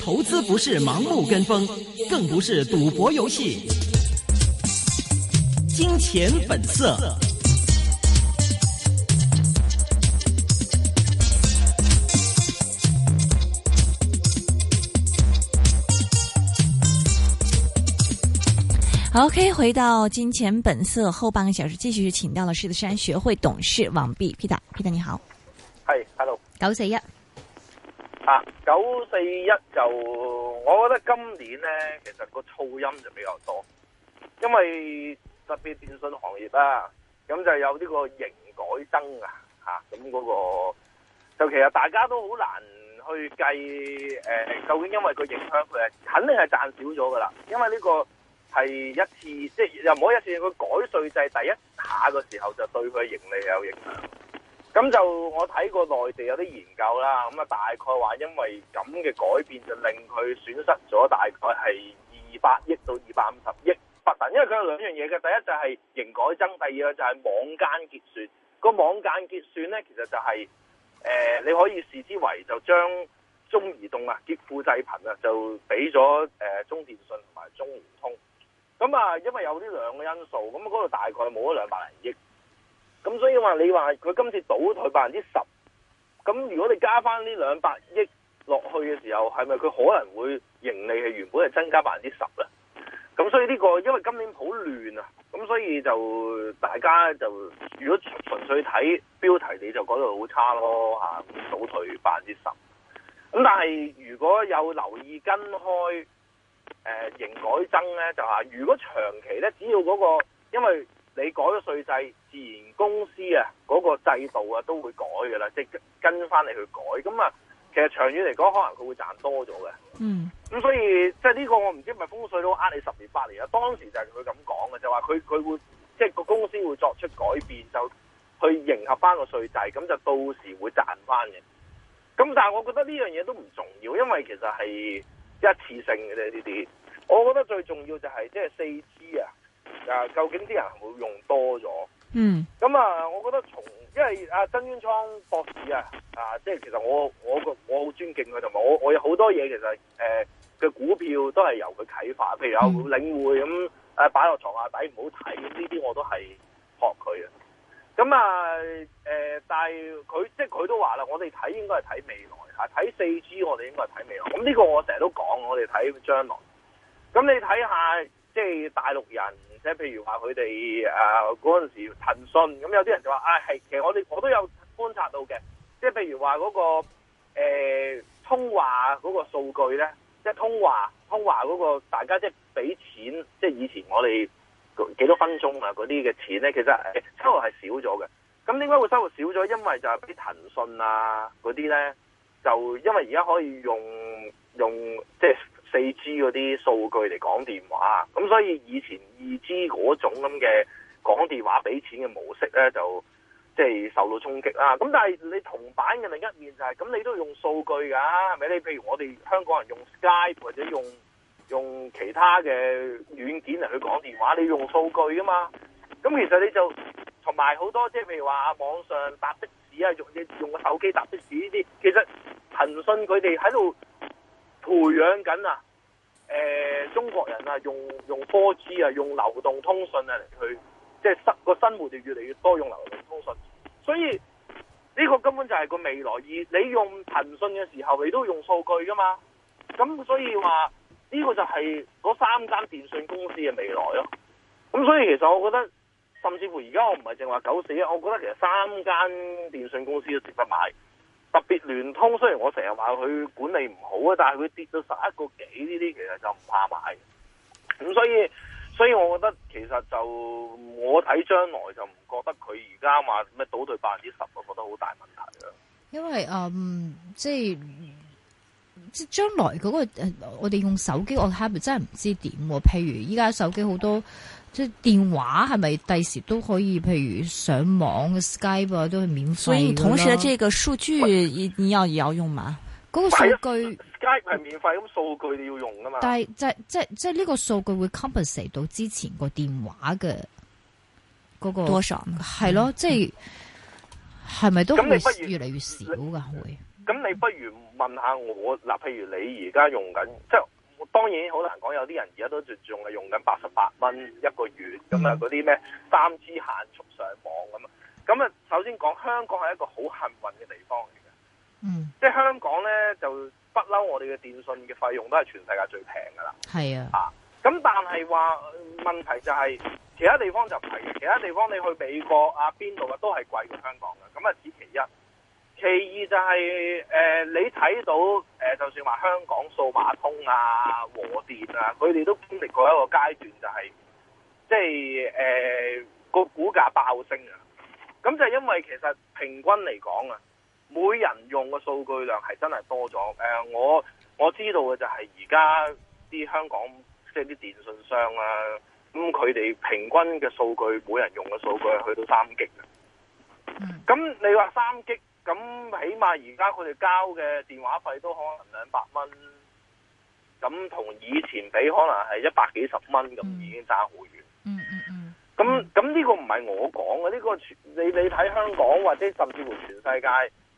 投資不是盲目跟風，更不是賭博遊戲。金錢本色。OK，回到《金錢本色》後半個小時，繼續請到了獅子山學會董事王弼 Peter，Peter 你好。係，Hello。九四一。啊、九四一就我覺得今年咧，其實個噪音，就比較多，因為特別電信行業啦、啊，咁就有呢個營改增啊，吓咁嗰個就其實大家都好難去計誒、呃，究竟因為個影響佢肯定係賺少咗噶啦，因為呢個係一次即係又唔一次，佢改稅制第一下嘅時候就對佢嘅盈利有影響。咁就我睇過內地有啲研究啦，咁啊大概話因為咁嘅改變就令佢損失咗大概係二百億到二百五十億不等，因為佢有兩樣嘢嘅，第一就係營改增，第二就係網間結算。個網間結算咧，其實就係、是呃、你可以視之為就將中移動啊、劫富濟貧啊，就俾咗中電信同埋中聯通。咁啊，因為有呢兩個因素，咁嗰度大概冇咗兩百零億。咁所以話你話佢今次倒退百分之十，咁如果你加翻呢兩百億落去嘅時候，係咪佢可能會盈利係原本係增加百分之十咧？咁所以呢、這個因為今年好亂啊，咁所以就大家就如果純粹睇標題，你就覺得好差咯、嚇、倒退百分之十。咁但係如果有留意跟開誒營、呃、改增呢，就話如果長期呢，只要嗰、那個因為。你改咗稅制，自然公司啊嗰個制度啊都會改噶啦，即係跟翻你去改咁啊。其實長遠嚟講，可能佢會賺多咗嘅。嗯。咁所以即係呢個我唔知係咪風水佬呃你十年八年啊，當時就係佢咁講嘅，就話佢佢會即係個公司會作出改變，就去迎合翻個稅制，咁就到時會賺翻嘅。咁但係我覺得呢樣嘢都唔重要，因為其實係一次性嘅啫呢啲。我覺得最重要就係即係四支啊。啊，究竟啲人係會用多咗？嗯，咁啊、嗯，我覺得從因為阿曾淵滄博士啊，啊，即、啊、係其實我我個我好尊敬佢，同埋我我有好多嘢其實誒嘅、啊、股票都係由佢啟發，譬如有領匯咁誒擺落床下底唔好睇呢啲，我都係學佢啊。咁啊誒，但係佢即係佢都話啦，我哋睇應該係睇未來吓，睇四 G 我哋應該係睇未來。咁、啊、呢、啊嗯這個我成日都講，我哋睇將來。咁你睇下即係大陸人。即譬如話佢哋啊，嗰陣時騰訊咁，有啲人就話啊，係其實我哋我都有觀察到嘅，即係譬如話嗰個、欸、通話嗰個數據咧，即係通話通話嗰個大家即係俾錢，即係以前我哋幾多分鐘啊嗰啲嘅錢咧，其實收入係少咗嘅。咁點解會收入少咗？因為就係俾騰訊啊嗰啲咧，就因為而家可以用用即係。四 G 嗰啲數據嚟講電話，咁所以以前二 G 嗰種咁嘅講電話俾錢嘅模式呢，就即係受到衝擊啦。咁但係你銅板嘅另一面就係，咁你都用數據㗎，係咪？你譬如我哋香港人用 Skype 或者用用其他嘅軟件嚟去講電話，你用數據㗎嘛。咁其實你就同埋好多即係譬如話網上搭的士啊，用用個手機搭的士呢啲，其實騰訊佢哋喺度。培養緊啊！誒、呃，中國人啊，用用科技啊，用流動通訊啊嚟去，即係生個生活就越嚟越多用流動通訊，所以呢個根本就係個未來。而你用騰訊嘅時候，你都用數據噶嘛，咁所以話呢個就係嗰三間電信公司嘅未來咯。咁所以其實我覺得，甚至乎而家我唔係淨話九四一，我覺得其實三間電信公司都值得買。特別聯通，雖然我成日話佢管理唔好啊，但係佢跌到十一個幾呢啲，其實就唔怕買。咁所以，所以我覺得其實就我睇將來就唔覺得佢而家話咩倒退百分之十，我覺得好大問題咯。因為誒、嗯，即係即係將來嗰個，我哋用手機我睇，真係唔知點。譬如依家手機好多。即電話係咪第時都可以，譬如上網嘅 Skype 啊，都係免費。所以同時呢，這個數據你也要用嘛？個數據 Skype 係免費，咁數據你要用噶嘛？但係即即即呢個數據會 compensate 到之前個電話嘅、嗰個多少？係咯了，即係咪都會越嚟越少噶會？咁你，你不如問下我嗱，譬如你而家用緊即。當然好難講，有啲人而家都仲仲係用緊八十八蚊一個月咁啊，嗰啲咩 3G 限速上網咁啊。咁啊，首先講香港係一個好幸運嘅地方嚟嘅，嗯，即係香港呢就不嬲我哋嘅電信嘅費用都係全世界最平噶啦，係啊，咁、啊、但係話問題就係其他地方就唔係，其他地方你去美國啊邊度啊都係貴過香港嘅，咁啊只其一。其二就係、是、誒、呃，你睇到誒、呃，就算話香港數碼通啊、和電啊，佢哋都經歷過一個階段，就是，就係即係誒個股價爆升啊。咁就係因為其實平均嚟講啊，每人用嘅數據量係真係多咗，呃。我我知道嘅就係而家啲香港即係啲電訊商啊，咁佢哋平均嘅數據每人用嘅數據係去到 3G 啊。咁你話 3G。咁啊！而家佢哋交嘅電話費都可能兩百蚊，咁同以前比可能係一百幾十蚊咁，已經差好遠。嗯嗯嗯。咁咁呢個唔係我講嘅，呢個全你你睇香港或者甚至乎全世界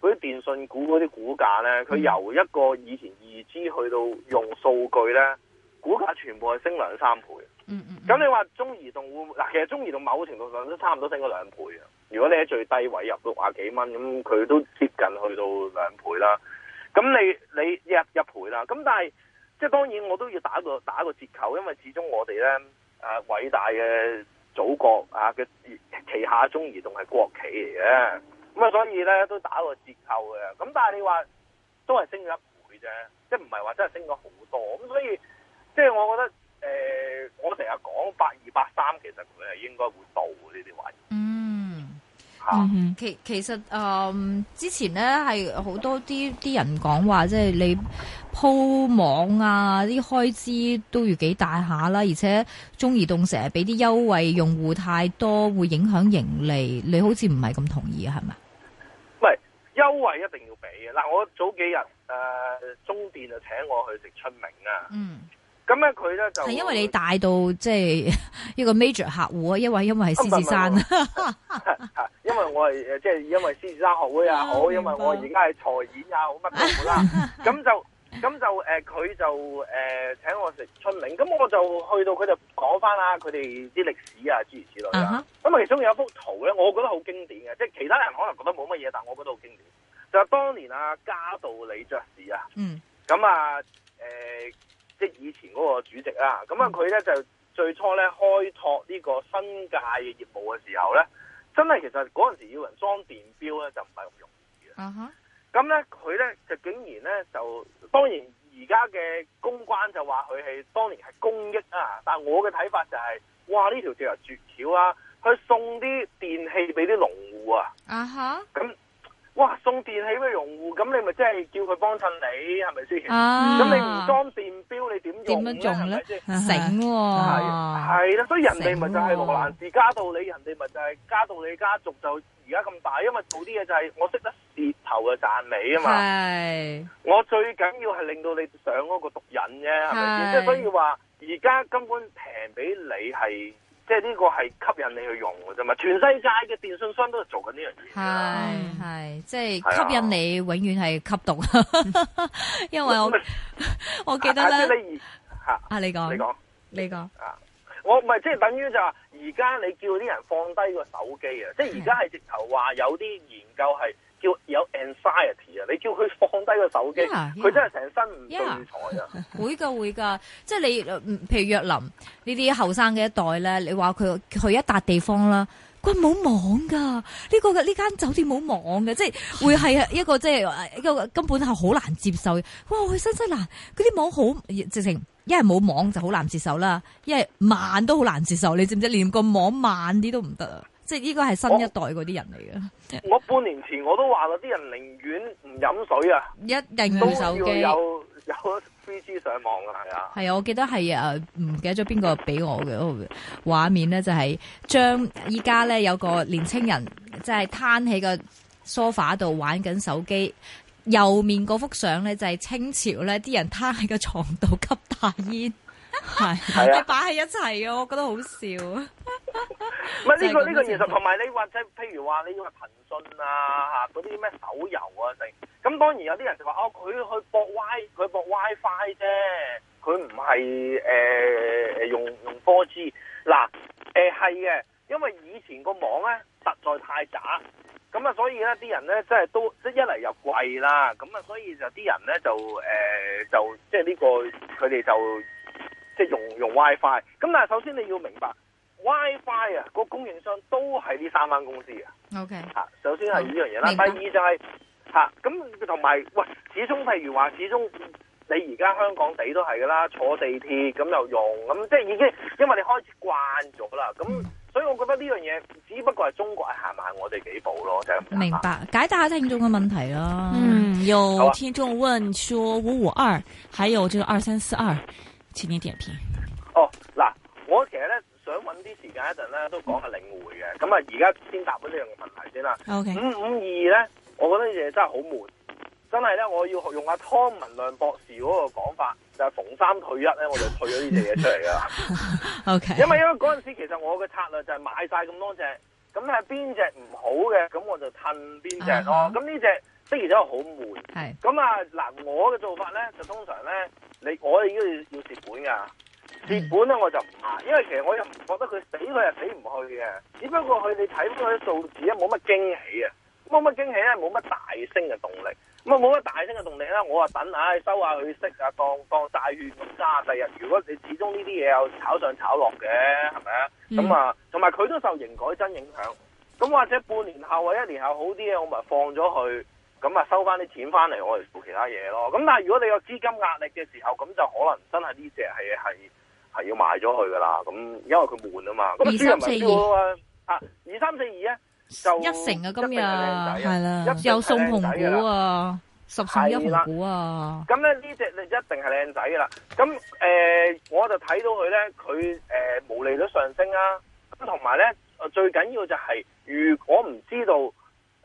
嗰啲電信股嗰啲股價呢，佢由一個以前二 G 去到用數據呢，股價全部係升兩三倍。咁你話中移動會嗱，其實中移動某程度上都差唔多升咗兩倍啊。如果你喺最低位入到廿幾蚊，咁佢都接近去到兩倍啦。咁你你入一,一倍啦，咁但係即係當然我都要打個打個折扣，因為始終我哋咧啊偉大嘅祖國啊嘅旗下中移動係國企嚟嘅，咁啊所以咧都打個折扣嘅。咁但係你話都係升咗一倍啫，即係唔係話真係升咗好多咁？所以即係、就是、我覺得誒、呃，我成日講八二八三其實佢係應該會到呢啲位。嗯。啊、嗯，其其實誒、嗯，之前咧係好多啲啲人講話，即、就、係、是、你鋪網啊，啲開支都要幾大下啦，而且中移動成日俾啲優惠用戶太多，會影響盈利，你好似唔係咁同意啊係咪？唔係，優惠一定要俾啊。嗱，我早幾日誒、呃，中電就請我去食春明啊。嗯咁咧佢咧就係因為你帶到即係呢個 major 客戶啊，因為因為係獅子山，啊、 因為我係誒即係因為獅子山好啊好，啊因為我而家係財演啊白好乜都好啦，咁 就咁就誒佢、呃、就誒、呃、請我食春茗，咁我就去到佢就講翻啦，佢哋啲歷史啊諸如此類咁啊、uh huh. 其中有一幅圖咧，我覺得好經典嘅，即係其他人可能覺得冇乜嘢，但係我覺得好經典，就係、是、當年啊嘉道理爵士啊，咁、嗯、啊誒。呃即係以前嗰個主席啦、啊，咁啊佢咧就最初咧開拓呢個新界嘅業務嘅時候咧，真係其實嗰陣時要人裝電表咧就唔係咁容易嘅。嗯哼。咁咧佢咧就竟然咧就，當然而家嘅公關就話佢係當年係公益啊，但係我嘅睇法就係、是，哇呢條條係絕橋啊，佢送啲電器俾啲農戶啊。啊哈、uh，咁、huh.。用電器嘅用戶，咁你咪即係叫佢幫襯你，係咪先？啊！咁你唔裝電表，你點用咧？醒喎，係係啦，所以人哋咪就係羅蘭士嘉道理，人哋咪就係嘉道理家族就而家咁大，因為做啲嘢就係我識得蝕頭嘅賺尾啊嘛。係，我最緊要係令到你上嗰個毒癮啫，係咪先？即係所以話，而家根本平俾你係。即係呢個係吸引你去用嘅啫嘛，全世界嘅電信商都係做緊呢樣嘢。係係，即係吸引你，永遠係吸毒。啊、因為我是 我記得咧、啊就是，啊你講你講你講。我唔係即係等於就話，而家你叫啲人放低個手機啊！即係而家係直頭話有啲研究係叫有 anxiety 啊！你叫佢放低個手機，佢 Yeah, yeah. 真係成身唔聚財啊！會㗎會㗎，即係你譬如若林呢啲後生嘅一代咧，你話佢去一笪地方啦，佢冇網㗎，呢、這個呢間酒店冇網嘅，即係會係一個即係一個根本係好難接受嘅哇！我去新西蘭嗰啲網好直情。因為冇網就好難接受啦，因為慢都好難接受。你知唔知？連個網慢啲都唔得啊！即係呢個係新一代嗰啲人嚟嘅、哦。我半年前我都話啦，啲人寧願唔飲水啊，一定要手機要有有飛機上網啊，係啊。係啊，我記得係啊，唔、呃、記得咗邊個俾我嘅畫面、就係、現在呢就係將依家呢有個年青人即係攤喺個梳化度玩緊手機。右面嗰幅相咧就係清朝咧啲人攤喺個床度吸大煙 的，係、啊，擺喺一齊啊，我覺得好笑。唔係呢個呢個其實，同埋你或者譬如話你話騰訊啊吓嗰啲咩手遊啊定？咁當然有啲人就話哦，佢去博 WiFi，佢博 WiFi 啫，佢唔係誒用用波資嗱誒係嘅。因為以前個網咧實在太渣，咁啊所以咧啲人咧即係都即係一嚟又貴啦，咁啊所以就啲人咧就誒、呃、就即係、這、呢個佢哋就即係用用 WiFi。咁但係首先你要明白 WiFi 啊個供應商都係呢三間公司啊。O K 吓，首先係呢樣嘢啦。是第二就係、是、吓，咁同埋喂，始終譬如話，始終你而家香港地都係㗎啦，坐地鐵咁又用，咁即係已經因為你開始慣咗啦，咁。嗯所以我覺得呢樣嘢只不過係中國係行唔行我哋幾步咯，就是、明白。解答下聽眾嘅問題咯、啊。嗯，有聽眾問說五五二，還有這個二三四二，請你點評。哦，嗱，我其實咧想揾啲時間一陣咧都講下領會嘅。咁啊，而家先答咗呢樣問題先啦。O K。五五二咧，我覺得嘢真係好悶。真係咧，我要用阿、啊、湯文亮博士嗰個講法，就係、是、逢三退一咧，我就退咗呢隻嘢出嚟噶。 o Okay . K，因為因為嗰陣時其實我嘅策略就係買晒咁多隻，咁係邊隻唔好嘅，咁我就褪邊隻咯。咁呢隻的而且確好悶。係、uh。咁、huh. 啊嗱，我嘅做法咧就通常咧，你我哋依家要要蝕本噶，蝕本咧我就唔賣，uh huh. 因為其實我又唔覺得佢死，佢係死唔去嘅。只不過佢你睇到啲數字咧冇乜驚喜啊，冇乜驚喜咧冇乜大升嘅動力。咁冇乜大升嘅動力啦，我話等下收下佢息啊，當當債券咁揸。第日如果你始終呢啲嘢有炒上炒落嘅，係咪啊？咁啊、嗯，同埋佢都受營改增影響，咁或者半年後或一年後好啲嘅，我咪放咗佢，咁啊收翻啲錢翻嚟，我嚟做其他嘢咯。咁但係如果你有資金壓力嘅時候，咁就可能真係呢隻係係係要賣咗佢噶啦。咁因為佢悶啊嘛。二三四二啊，吓二三四二啊。就一成啊！今日係啦，又送紅股啊，的十送一紅股啊！咁咧呢隻你一定係靚仔噶啦！咁誒、呃，我就睇到佢咧，佢誒毛利率上升啦，啊，咁同埋咧最緊要就係，如果唔知道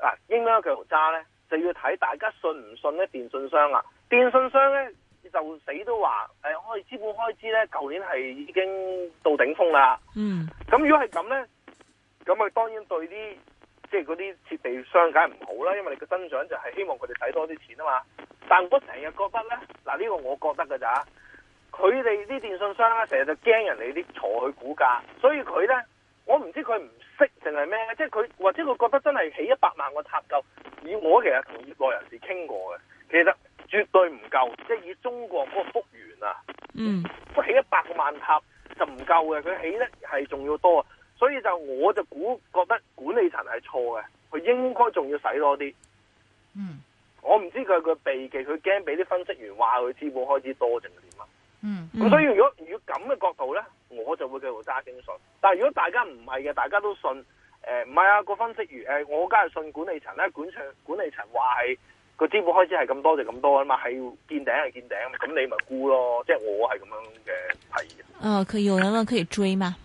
啊應唔應該繼續揸咧，就要睇大家信唔信咧電信商啦，啊。電信商咧就死都話誒，呃、開資本開支咧，舊年係已經到頂峰啦。嗯，咁如果係咁咧，咁啊當然對啲。即係嗰啲設備商梗係唔好啦，因為你個增長就係希望佢哋使多啲錢啊嘛。但我成日覺得咧，嗱、這、呢個我覺得嘅咋，佢哋啲電信商咧成日就驚人哋啲坐去股價，所以佢咧，我唔知佢唔識定係咩，即係佢或者佢覺得真係起一百萬個塔夠。以我其實同業內人士傾過嘅，其實絕對唔夠，即係以中國嗰個幅員啊，嗯，都起一百個萬塔就唔夠嘅，佢起得係仲要多啊。所以就我就估覺得。睇多啲、嗯嗯，嗯，我唔知佢係佢避忌，佢驚俾啲分析員話佢資本開支多，定係點啊？嗯，咁所以如果以咁嘅角度咧，我就會繼續揸緊信。但係如果大家唔係嘅，大家都信，誒唔係啊個分析員，誒、呃、我梗係信管理層咧，管管理層話係個資本開支係咁多就咁多啊嘛，係要見頂係見頂，咁你咪沽咯，即係我係咁樣嘅提議。啊，佢有人問可以追嗎？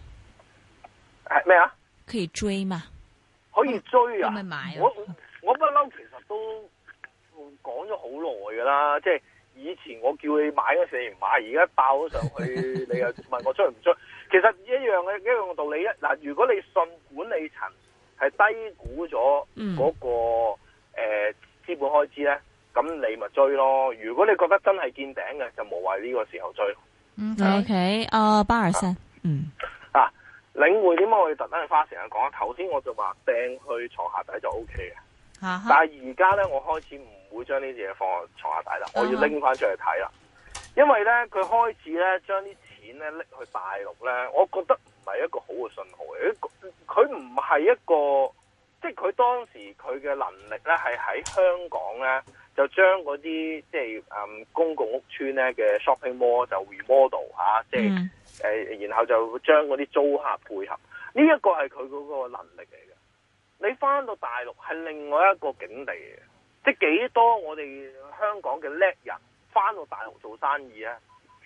係咩啊？可以追嗎？啊可以追啊！啊我我不嬲，其實都講咗好耐噶啦，即係以前我叫你買嗰時你唔買，而家爆咗上去，你又問我追唔追。其實一樣嘅一樣嘅道理咧嗱，如果你信管理層係低估咗嗰個誒資本開支咧，咁、嗯、你咪追咯。如果你覺得真係見頂嘅，就無謂呢個時候追。嗯，OK，啊，八二三，嗯。領會點解我哋特登去花時間講？頭先我就話掟去床下底就 O K 嘅，uh huh. 但係而家咧，我開始唔會將呢啲嘢放喺床下底啦，我要拎翻出去睇啦。Uh huh. 因為咧，佢開始咧將啲錢咧拎去大陸咧，我覺得唔係一個好嘅信號嘅。佢唔係一個，即係佢當時佢嘅能力咧，係喺香港咧。就將嗰啲即係誒公共屋邨，咧嘅 shopping mall 就 remodel 吓、啊，即係誒，然後就將嗰啲租客配合，呢、這、一個係佢嗰個能力嚟嘅。你翻到大陸係另外一個境地嘅，即係幾多我哋香港嘅叻人翻到大陸做生意啊？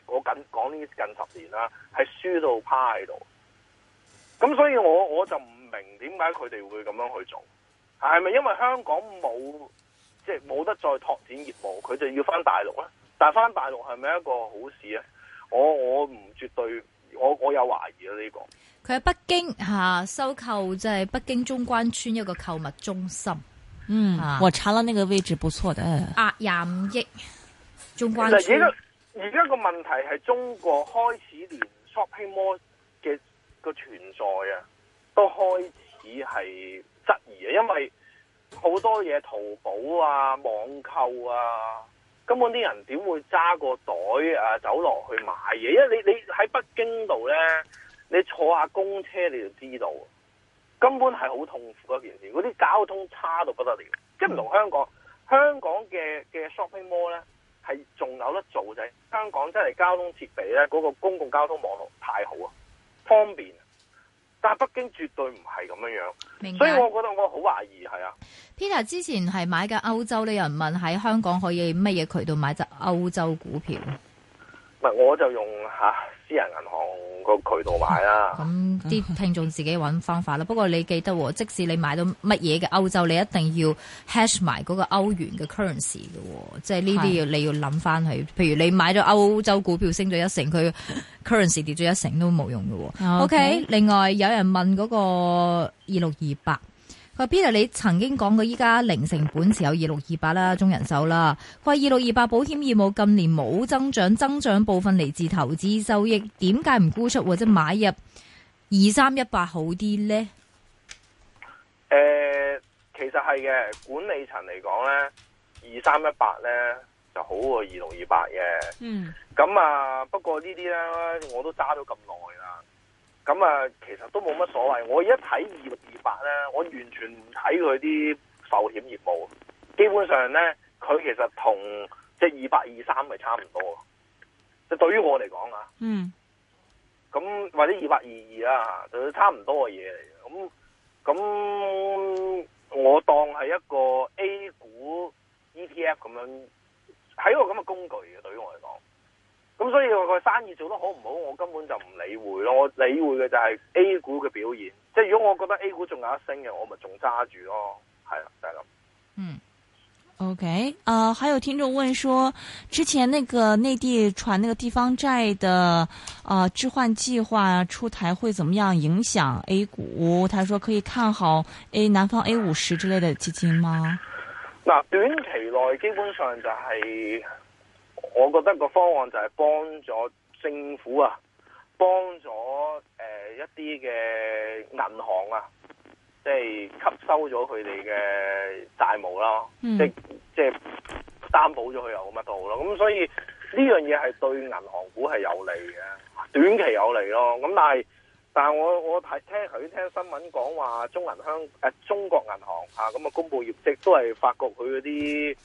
我緊講呢近十年啦，係輸到趴喺度。咁所以我我就唔明點解佢哋會咁樣去做，係咪因為香港冇？即係冇得再拓展業務，佢就要翻大陸啦。但係翻大陸係咪一個好事呢，啊？我我唔絕對，我我有懷疑啊呢個。佢喺北京吓，啊、收購，即係北京中關村一個購物中心。嗯，啊、我查啦呢個位置不錯的，百廿五億。中關村。而家而家個問題係中國開始連 shopping mall 嘅個存在啊，都開始係質疑啊，因為。好多嘢，淘寶啊、網購啊，根本啲人點會揸個袋啊走落去買嘢？因為你你喺北京度呢，你坐下公車你就知道，根本係好痛苦一件事。嗰啲交通差到不得了，即係唔同香港。香港嘅嘅 shopping mall 呢，係仲有得做就係香港真係交通設備呢，嗰個公共交通網絡太好啊，方便。但係北京絕對唔係咁樣，明白？所以我覺得我好懷疑係啊。Peter 之前係買嘅歐洲，你有人問喺香港可以乜嘢渠道買隻歐洲股票？唔係，我就用，啊私人銀行個渠道買啦，嗯。咁啲聽眾自己揾方法啦。不過你記得，即使你買到乜嘢嘅歐洲，你一定要 hash 埋嗰個歐元嘅 currency 嘅。即係呢啲要你要諗翻去是的 譬如你買咗歐洲股票升咗一成，佢 currency 跌咗一成都冇用嘅。OK，, okay 另外有人問嗰個二六二八。佢話：Billy，你曾經講過依家零成本持有二六二八啦，28，中人壽啦。佢話二六二八保險業務近年冇增長，增長部分嚟自投資收益。點解唔沽出或者買入二三一八好啲呢？誒、呃，其實係嘅，管理層嚟講呢，二三一八呢，呢就好過二六二八嘅。嗯。咁啊，不過呢啲呢，我都揸咗咁耐啦。咁啊，其實都冇乜所謂。我一睇二六二八咧，我完全唔睇佢啲壽險業務，基本上咧，佢其實同即係二八二三咪差唔多。即係對於我嚟講、嗯、啊，嗯、就是，咁或者二八二二啦，就差唔多嘅嘢嚟嘅。咁咁，我當係一個 A 股 ETF 咁樣，係一個咁嘅工具嘅，對於我嚟講。咁、嗯、所以話佢生意做得好唔好，我根本就唔理會咯。我理會嘅就係 A 股嘅表現。即係如果我覺得 A 股仲有一升嘅，我咪仲揸住咯。係啦，大佬。嗯。OK，啊、呃，還有聽眾問說，之前那個內地傳那個地方債的啊、呃、置換計劃出台會怎麼樣影響 A 股？他說可以看好 A 南方 A 五十之類的基金嗎？嗱、啊，短期內基本上就係、是。我覺得個方案就係幫咗政府啊，幫咗誒一啲嘅銀行啊，即係吸收咗佢哋嘅債務囉，嗯、即即擔保咗佢又好乜都好咯。咁所以呢樣嘢係對銀行股係有利嘅，短期有利咯。咁但係但係我我睇聽佢聽新聞講話中銀香誒、呃、中國銀行啊咁啊公佈業績都係發覺佢嗰啲。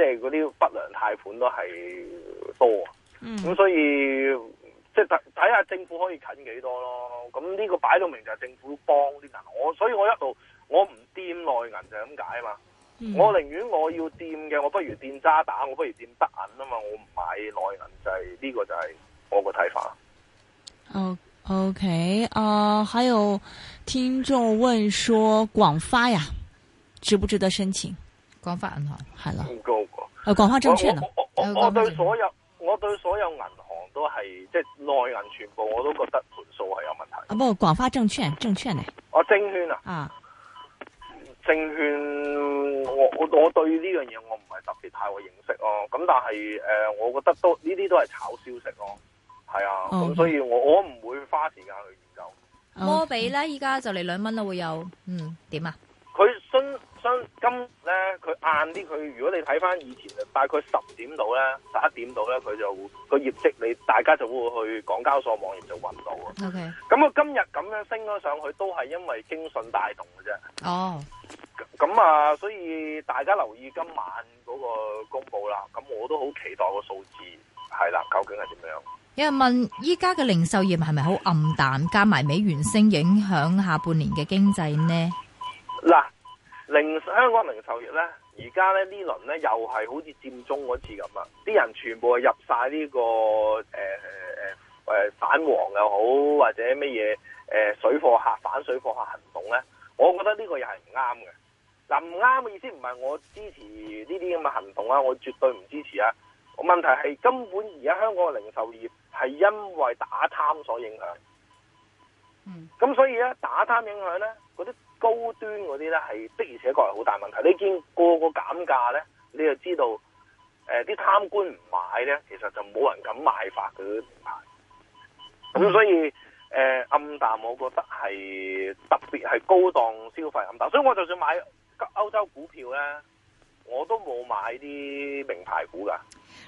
即係嗰啲不良貸款都係多啊，咁、嗯嗯、所以即係睇睇下政府可以近幾多咯。咁、這、呢個擺到明就係政府幫啲銀，我所以我一路我唔掂內銀就係咁解啊嘛。嗯、我寧願我要掂嘅，我不如掂渣打，我不如掂德銀啊嘛。我唔買內銀就係、是、呢、這個就係我個睇法。哦、uh,，OK，啊、uh,，還有聽眾問說，廣發呀，值不值得申請？廣發銀行係啦，唔高個。誒、哦，廣發證券呢啊！我我,我,我,我對所有我對所有銀行都係即係內銀全部我都覺得盤數係有問題。啊，不過，廣發證券，證券咧。啊，證券啊！啊，證券，我我我對呢樣嘢我唔係特別太會認識咯。咁、啊、但係誒、呃，我覺得都呢啲都係炒消息咯。係啊，咁、啊、所以我我唔會花時間去研究。Okay. 摩比咧，依家就嚟兩蚊啦，會有嗯點啊？佢新。相今咧，佢晏啲，佢如果你睇翻以前，大概十點到咧，十一點到咧，佢就個業績，你大家就會去港交所網頁就揾到。O K. 咁我今日咁樣升咗上去，都係因為經訊帶動嘅啫。哦，咁啊，所以大家留意今晚嗰個公布啦。咁我都好期待個數字，係啦，究竟係點樣？有人問，依家嘅零售業係咪好暗淡？加埋美元升，影響下半年嘅經濟呢？嗱。令香港零售業呢，而家呢，呢輪呢又係好似佔中嗰次咁啊！啲人全部係入晒呢個誒誒誒誒反蝗又好，或者乜嘢誒水貨客反水貨客行動呢，我覺得呢個又係唔啱嘅。嗱，唔啱嘅意思唔係我支持呢啲咁嘅行動啊，我絕對唔支持啊！問題係根本而家香港嘅零售業係因為打貪所影響，嗯，咁所以呢，打貪影響呢嗰啲。高端嗰啲呢，係的，而且確係好大問題。你見個個減價呢，你就知道啲、呃、貪官唔買呢，其實就冇人敢買翻嗰啲名牌。咁所以、呃、暗淡，我覺得係特別係高檔消費暗淡。所以我就算買歐洲股票呢，我都冇買啲名牌股㗎。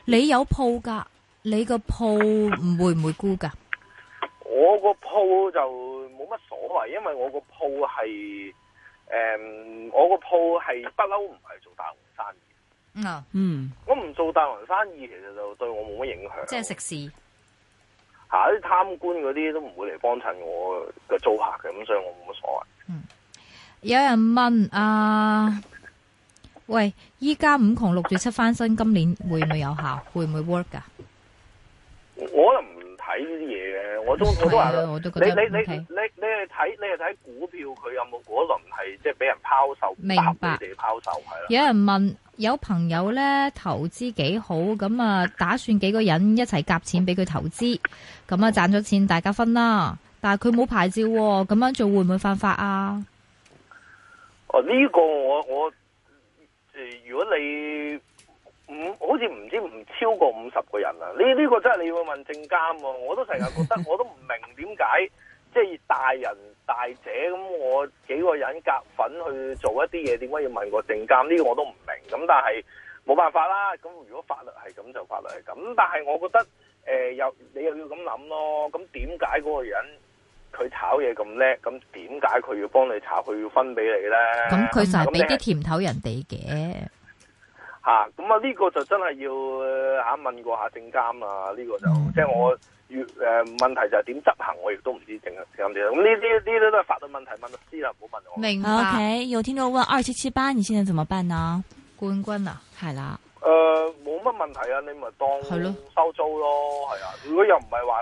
你有鋪㗎？你個鋪會唔會沽㗎？ 我個鋪就冇乜所謂，因為我個鋪係誒，我個鋪係不嬲唔係做大行生意。啊，嗯，我唔做大行生意，嗯嗯、生意其實就對我冇乜影響。即係食肆，吓啲貪官嗰啲都唔會嚟幫襯我個租客嘅，咁所以我冇乜所謂。嗯，有人問啊，喂，依家五窮六絕七翻身，今年會唔會有效？會唔會 work 噶？我可能……睇呢啲嘢嘅，我都我都覺得，你 okay. 你你你你睇你係睇股票佢有冇嗰輪係即係俾人拋售，明白，地拋售係啦。有人問有朋友咧投資幾好，咁啊打算幾個人一齊夾錢俾佢投資，咁啊賺咗錢大家分啦。但係佢冇牌照，啊，咁樣做會唔會犯法啊？哦，呢、呢個我我即係、呃、如果你。五好似唔知唔超過五十個人啊！呢呢、這個真係你要問證監喎、啊，我都成日覺得我都唔明點解，即、就、係、是、大人大姐咁，我幾個人夾份去做一啲嘢，點解要問個證監？呢、這個我都唔明。咁但係冇辦法啦。咁如果法律係咁就法律係咁。但係我覺得誒又、呃、你又要咁諗咯。咁點解嗰個人佢炒嘢咁叻？咁點解佢要幫你炒？佢要分俾你咧？咁佢就係俾啲甜頭人哋嘅。吓，咁啊呢、這個就真係要吓問過下證監啊，呢、這個就、嗯、即係我越誒、呃、問題就係點執行我，我亦都唔知證監點。咁呢啲呢啲都係法律問題，問律師啦，唔好問我。明白，OK，有聽眾問二七七八，你現在怎麼辦呢？冠軍啊係啦，誒、呃，冇乜問題啊，你咪當你收租咯，係咯啊。如果又唔係話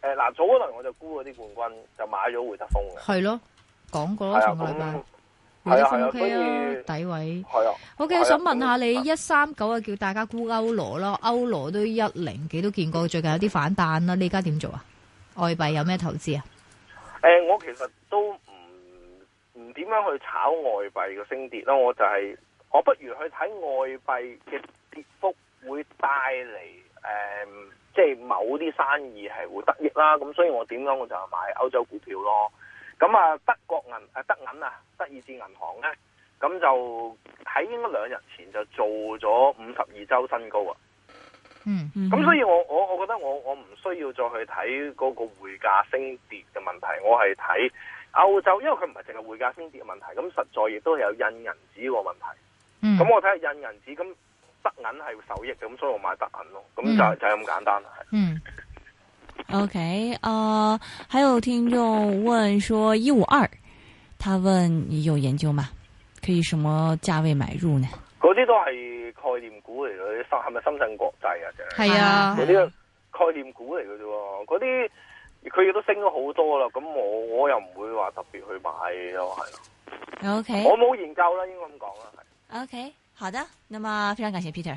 誒嗱，早可能我就沽嗰啲冠軍就買咗會德豐嘅。係咯，講過上個禮拜。有啲的啊，要底位。係啊。好嘅，想問下你一三九啊，的就叫大家沽歐羅啦，歐羅都一零幾都見過，最近有啲反彈啦，呢家點做啊？外幣有咩投資啊？誒、呃，我其實都唔唔點樣去炒外幣嘅升跌啦，我就係、是、我不如去睇外幣嘅跌幅會帶嚟誒，即、呃、係、就是、某啲生意係會得益啦。咁所以我點樣，我就係買歐洲股票咯。咁啊，德國銀誒德銀啊，德意志銀行咧，咁就喺應該兩日前就做咗五十二周新高啊，嗯。嗯嗯。咁所以我我我覺得我我唔需要再去睇嗰個匯價升跌嘅問題，我係睇歐洲，因為佢唔係淨係匯價升跌嘅問題，咁實在亦都係有印銀紙個問題。咁，嗯，我睇下印銀紙，咁德銀係會受益嘅，咁所以我買德銀咯。咁就，嗯，就咁簡單啦。嗯。OK，呃，還有聽眾問說一五二，他問你有研究嗎？可以什麼價位買入呢？嗰啲都係概念股嚟嘅，深係咪深圳國際啊？啫係啊，嗰啲概念股嚟嘅啫，嗰啲佢亦都升咗好多啦。咁我我又唔會話特別去買咯，係咯。OK，我冇研究啦，應該咁講啦係。OK，好的，那麼非常感謝 Peter。